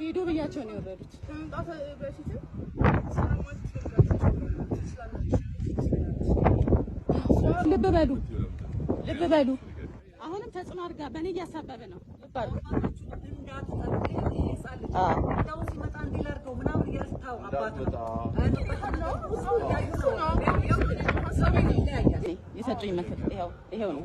ሄዶ ብያቸው ነው የወረዱት። ልብ በሉ ልብ በሉ። አሁንም ተጽዕኖ አድርጋ በእኔ እያሳበበ ነው። የሰጡኝ ምክር ይኸው ነው።